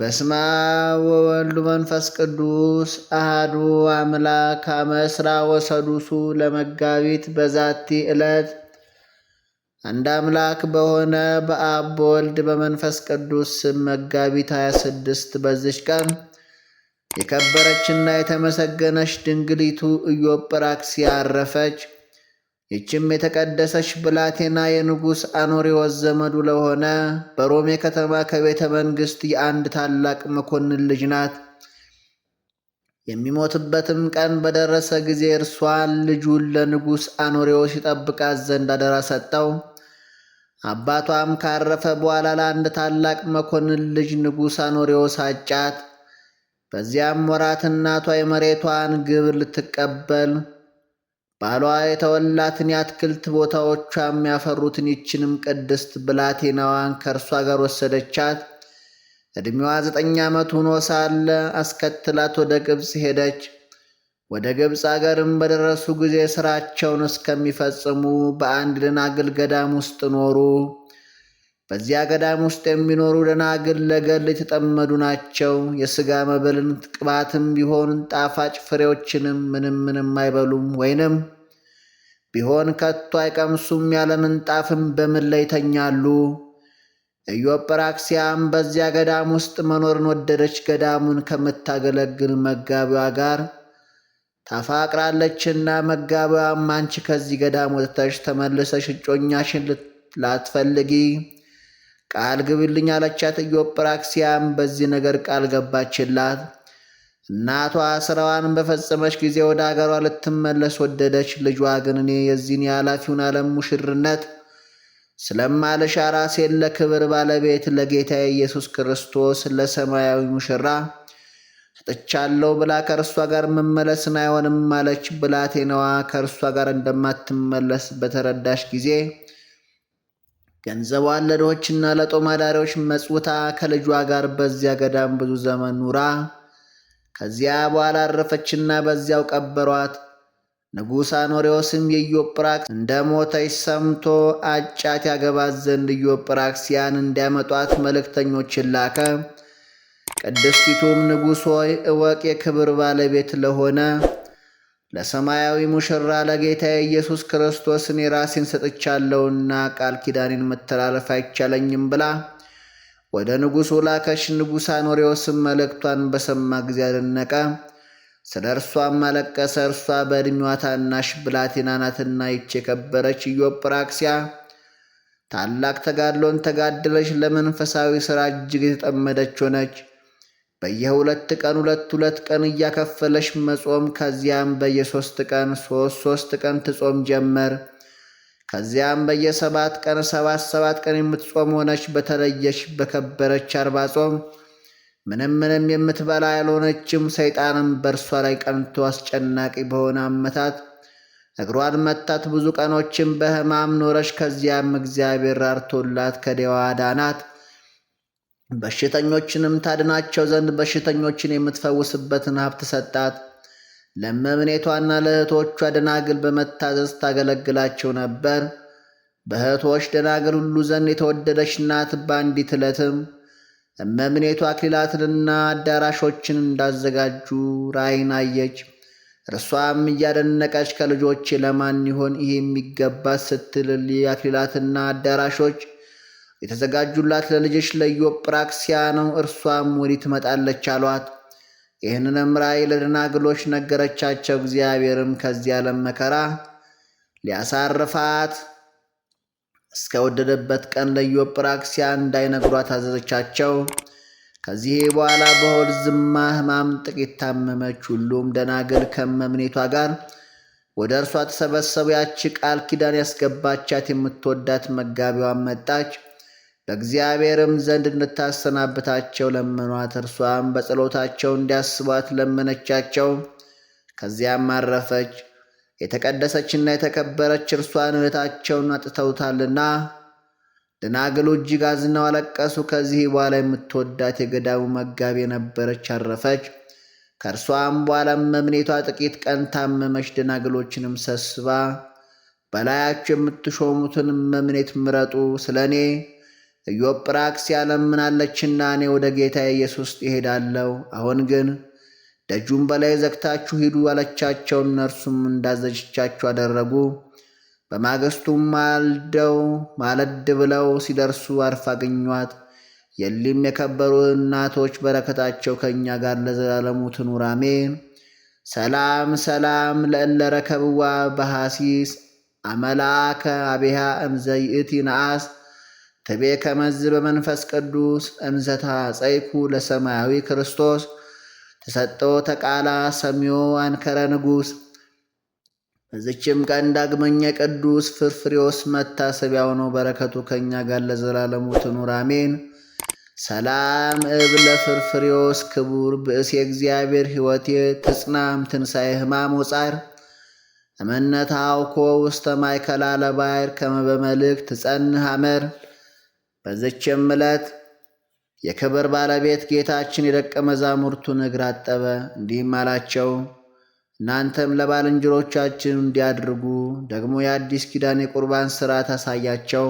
በስመ አብ ወወልድ መንፈስ ቅዱስ አሃዱ አምላክ አመስራ ወሰዱሱ ለመጋቢት በዛቲ ዕለት አንድ አምላክ በሆነ በአብ በወልድ በመንፈስ ቅዱስ ስም መጋቢት 26 በዚች ቀን የከበረችና የተመሰገነች ድንግሊቱ ኢዮጵራክስ ያረፈች ይችም የተቀደሰች ብላቴና የንጉሥ አኖሪዎስ ዘመዱ ለሆነ በሮሜ ከተማ ከቤተ መንግሥት የአንድ ታላቅ መኮንን ልጅ ናት። የሚሞትበትም ቀን በደረሰ ጊዜ እርሷን ልጁን ለንጉሥ አኖሪዎስ ይጠብቃት ዘንድ አደራ ሰጠው። አባቷም ካረፈ በኋላ ለአንድ ታላቅ መኮንን ልጅ ንጉሥ አኖሪዎስ አጫት። በዚያም ወራት እናቷ የመሬቷን ግብር ልትቀበል ባሏ የተወላትን የአትክልት ቦታዎቿ የሚያፈሩትን ይችንም ቅድስት ብላቴናዋን ከእርሷ ጋር ወሰደቻት። ዕድሜዋ ዘጠኝ ዓመት ሆኖ ሳለ አስከትላት ወደ ግብፅ ሄደች። ወደ ግብፅ አገርም በደረሱ ጊዜ ሥራቸውን እስከሚፈጽሙ በአንድ ደናግል ገዳም ውስጥ ኖሩ። በዚያ ገዳም ውስጥ የሚኖሩ ደናግል ለገል የተጠመዱ ናቸው። የሥጋ መብልን ቅባትም ቢሆን ጣፋጭ ፍሬዎችንም ምንም ምንም አይበሉም ወይንም ቢሆን ከቶ አይቀምሱም፣ ያለ ምንጣፍም በምድር ላይ ይተኛሉ። ኢዮጵራክሲያም በዚያ ገዳም ውስጥ መኖርን ወደደች። ገዳሙን ከምታገለግል መጋቢዋ ጋር ታፋቅራለችና መጋቢዋም አንቺ ከዚህ ገዳም ወጥተሽ ተመልሰሽ እጮኛሽን ላትፈልጊ ቃል ግብልኝ አለቻት። ኢዮጵራክሲያም በዚህ ነገር ቃል ገባችላት። እናቷ ስራዋን በፈጸመች ጊዜ ወደ አገሯ ልትመለስ ወደደች። ልጇ ግን እኔ የዚህን የኃላፊውን ዓለም ሙሽርነት ስለማልሻ ራሴን ለክብር ባለቤት ለጌታ ኢየሱስ ክርስቶስ ለሰማያዊ ሙሽራ ሰጥቻለሁ ብላ ከእርሷ ጋር መመለስን አይሆንም አለች። ብላቴናዋ ከእርሷ ጋር እንደማትመለስ በተረዳሽ ጊዜ ገንዘቧን ለድሆችና ለጦማዳሪዎች አዳሪዎች መጽውታ ከልጇ ጋር በዚያ ገዳም ብዙ ዘመን ኑራ ከዚያ በኋላ አረፈችና በዚያው ቀበሯት። ንጉሥ አኖሬዎስም የኢዮጵራክስ እንደ ሞተች ሰምቶ አጫት ያገባት ዘንድ ኢዮጵራክስያን እንዲያመጧት መልእክተኞችን ላከ። ቅድስቲቱም ንጉሥ ሆይ እወቅ፣ የክብር ባለቤት ለሆነ ለሰማያዊ ሙሽራ ለጌታ ኢየሱስ ክርስቶስን የራሴን ራሴን ሰጥቻለሁና ቃል ኪዳኔን መተላለፍ አይቻለኝም ብላ ወደ ንጉሡ ላከች። ንጉሥ አኖሪዎስም መልእክቷን በሰማ ጊዜ አደነቀ፣ ስለ እርሷም አለቀሰ። እርሷ በዕድሜዋ ታናሽ ብላቴና ናትና ይች የከበረች ኢዮጵራክሲያ ታላቅ ተጋድሎን ተጋደለች። ለመንፈሳዊ ሥራ እጅግ የተጠመደች ሆነች። በየሁለት ቀን ሁለት ሁለት ቀን እያከፈለች መጾም ከዚያም በየሶስት ቀን ሦስት ሶስት ቀን ትጾም ጀመር። ከዚያም በየሰባት ቀን ሰባት ሰባት ቀን የምትጾም ሆነች። በተለየች በከበረች አርባ ጾም ምንም ምንም የምትበላ ያልሆነችም፣ ሰይጣንም በእርሷ ላይ ቀንቶ አስጨናቂ በሆነ አመታት እግሯን መታት። ብዙ ቀኖችን በሕማም ኖረች። ከዚያም እግዚአብሔር ራርቶላት ከደዋ ዳናት። በሽተኞችንም ታድናቸው ዘንድ በሽተኞችን የምትፈውስበትን ሀብት ሰጣት። ለመምኔቷና ለእህቶቿ ደናግል በመታዘዝ ታገለግላቸው ነበር። በእህቶች ደናግል ሁሉ ዘንድ የተወደደች ናት። በአንዲት ዕለትም እመምኔቷ አክሊላትንና አዳራሾችን እንዳዘጋጁ ራእይን አየች። እርሷም እያደነቀች ከልጆች ለማን ይሆን ይህ የሚገባት ስትል አክሊላትና አዳራሾች የተዘጋጁላት ለልጅሽ ለዮጵራክሲያ ነው፣ እርሷም ወዲህ ትመጣለች አሏት። ይህንንም ራእይ ለደናግሎች ነገረቻቸው። እግዚአብሔርም ከዚህ ዓለም መከራ ሊያሳርፋት እስከወደደበት ቀን ለዮጵራክሲያ እንዳይነግሯት አዘዘቻቸው። ከዚህ በኋላ በሆድ ዝማ ሕማም ጥቂት ታመመች። ሁሉም ደናግል ከመምኔቷ ጋር ወደ እርሷ ተሰበሰቡ። ያቺ ቃል ኪዳን ያስገባቻት የምትወዳት መጋቢዋን መጣች። በእግዚአብሔርም ዘንድ እንድታሰናብታቸው ለመኗት። እርሷም በጸሎታቸው እንዲያስቧት ለመነቻቸው። ከዚያም አረፈች። የተቀደሰችና የተከበረች እርሷን እህታቸውን አጥተውታልና ደናግሉ እጅግ አዝነው አለቀሱ። ከዚህ በኋላ የምትወዳት የገዳሙ መጋቢ የነበረች አረፈች። ከእርሷም በኋላም መምኔቷ ጥቂት ቀን ታመመች። ደናግሎችንም ሰስባ በላያቸው የምትሾሙትን መምኔት ምረጡ ስለ እኔ ኢዮብ ያለምናለችና እኔ ወደ ጌታ ኢየሱስ ይሄዳለሁ። አሁን ግን ደጁን በላይ ዘግታችሁ ሂዱ አለቻቸው። እነርሱም እንዳዘጅቻቸው አደረጉ። በማግስቱም ማልደው ማለድ ብለው ሲደርሱ አርፋ አገኟት። የሊም የከበሩ እናቶች በረከታቸው ከእኛ ጋር ለዘላለሙ ትኑር አሜን። ሰላም ሰላም ለእለረከብዋ በሐሲስ አመላከ አብሃ እምዘይእቲ ነአስ ትቤ ከመዝ በመንፈስ ቅዱስ እምዘታ ጸይኩ ለሰማያዊ ክርስቶስ ተሰጦ ተቃላ ሰሚዮ አንከረ ንጉሥ። በዚችም ቀን ዳግመኛ ቅዱስ ፍርፍሬዎስ መታሰቢያው ነው። በረከቱ ከእኛ ጋር ለዘላለሙ ትኑር አሜን። ሰላም እብ ለፍርፍሬዎስ ክቡር ብእስ እግዚአብሔር ሕይወቴ ትጽናም ትንሣኤ ህማም ወጻር እመነታ አውኮ ውስተ ማይከላ ለባሕር ትጸንህ ሐመር በዚችም ዕለት የክብር ባለቤት ጌታችን የደቀ መዛሙርቱን እግር አጠበ፣ እንዲህም አላቸው እናንተም ለባልንጀሮቻችን እንዲያድርጉ ደግሞ የአዲስ ኪዳን የቁርባን ሥርዓት አሳያቸው።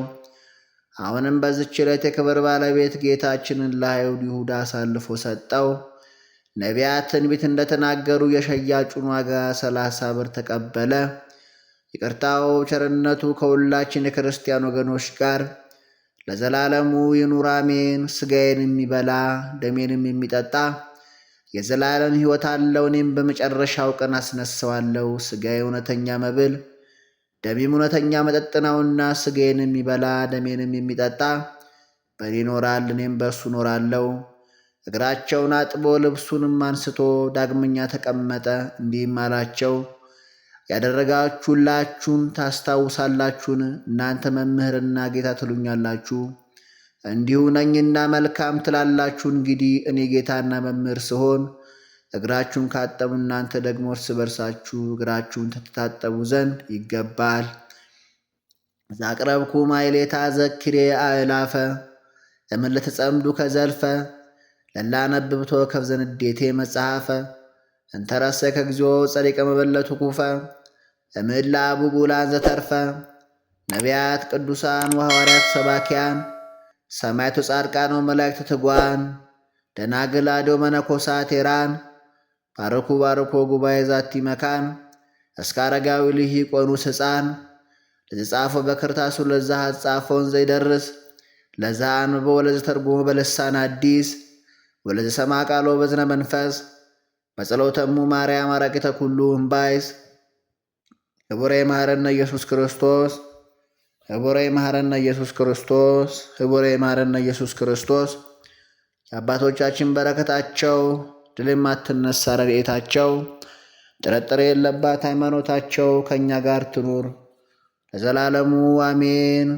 አሁንም በዚች ዕለት የክብር ባለቤት ጌታችንን ለአይሁድ ይሁዳ አሳልፎ ሰጠው። ነቢያት ትንቢት እንደተናገሩ የሸያጩን ዋጋ ሰላሳ ብር ተቀበለ። ይቅርታው ቸርነቱ ከሁላችን የክርስቲያን ወገኖች ጋር ለዘላለሙ ይኑር አሜን። ስጋዬን የሚበላ ደሜንም የሚጠጣ የዘላለም ሕይወት አለው፣ እኔም በመጨረሻው ቀን አስነሳዋለሁ። ስጋዬ እውነተኛ መብል ደሜም እውነተኛ መጠጥ ነውና ስጋዬን የሚበላ ደሜንም የሚጠጣ በእኔ ይኖራል፣ እኔም በእሱ እኖራለሁ። እግራቸውን አጥቦ ልብሱንም አንስቶ ዳግመኛ ተቀመጠ፣ እንዲህም አላቸው ያደረጋችሁላችሁን ታስታውሳላችሁን? እናንተ መምህርና ጌታ ትሉኛላችሁ፣ እንዲሁ ነኝና መልካም ትላላችሁ። እንግዲህ እኔ ጌታና መምህር ስሆን እግራችሁን ካጠቡ እናንተ ደግሞ እርስ በርሳችሁ እግራችሁን ትታጠቡ ዘንድ ይገባል። ዛቅረብኩ ማይሌታ ዘኪሬ አእላፈ እምለተጸምዱ ከዘልፈ ለላነብብቶ ከብዘንዴቴ መጽሐፈ እንተረሰከ እግዚኦ ጸሪቀ መበለቱ ኩፈ እምላ ቡጉላን ዘተርፈ ነቢያት ቅዱሳን ወሐዋርያት ሰባኪያን ሰማይቱ ጻድቃን ወመላእክት ትጓን ደናግል አድዮ መነኮሳት ቴራን ባርኩ ባርኮ ጉባኤ ዛቲ መካን እስከ አረጋዊ ልሂ ቆኑስ ሕፃን ለዝጻፎ በክርታሱ ለዛ ጻፎን ዘይደርስ ለዛ አንብቦ ወለዘ ተርጉሞ በልሳን አዲስ ወለዘ ሰማ ቃሎ በዝነ መንፈስ በጸሎተሙ ማርያም አራቂተ ኩሉ እምባይስ ህቡረ ይምሃረነ ኢየሱስ ክርስቶስ ህቡረ ይምሃረነ ኢየሱስ ክርስቶስ ህቡረ ይምሃረነ ኢየሱስ ክርስቶስ። የአባቶቻችን በረከታቸው ድልም አትነሳ ረድኤታቸው ጥርጥር የለባት ሃይማኖታቸው ከእኛ ጋር ትኑር ለዘላለሙ አሜን።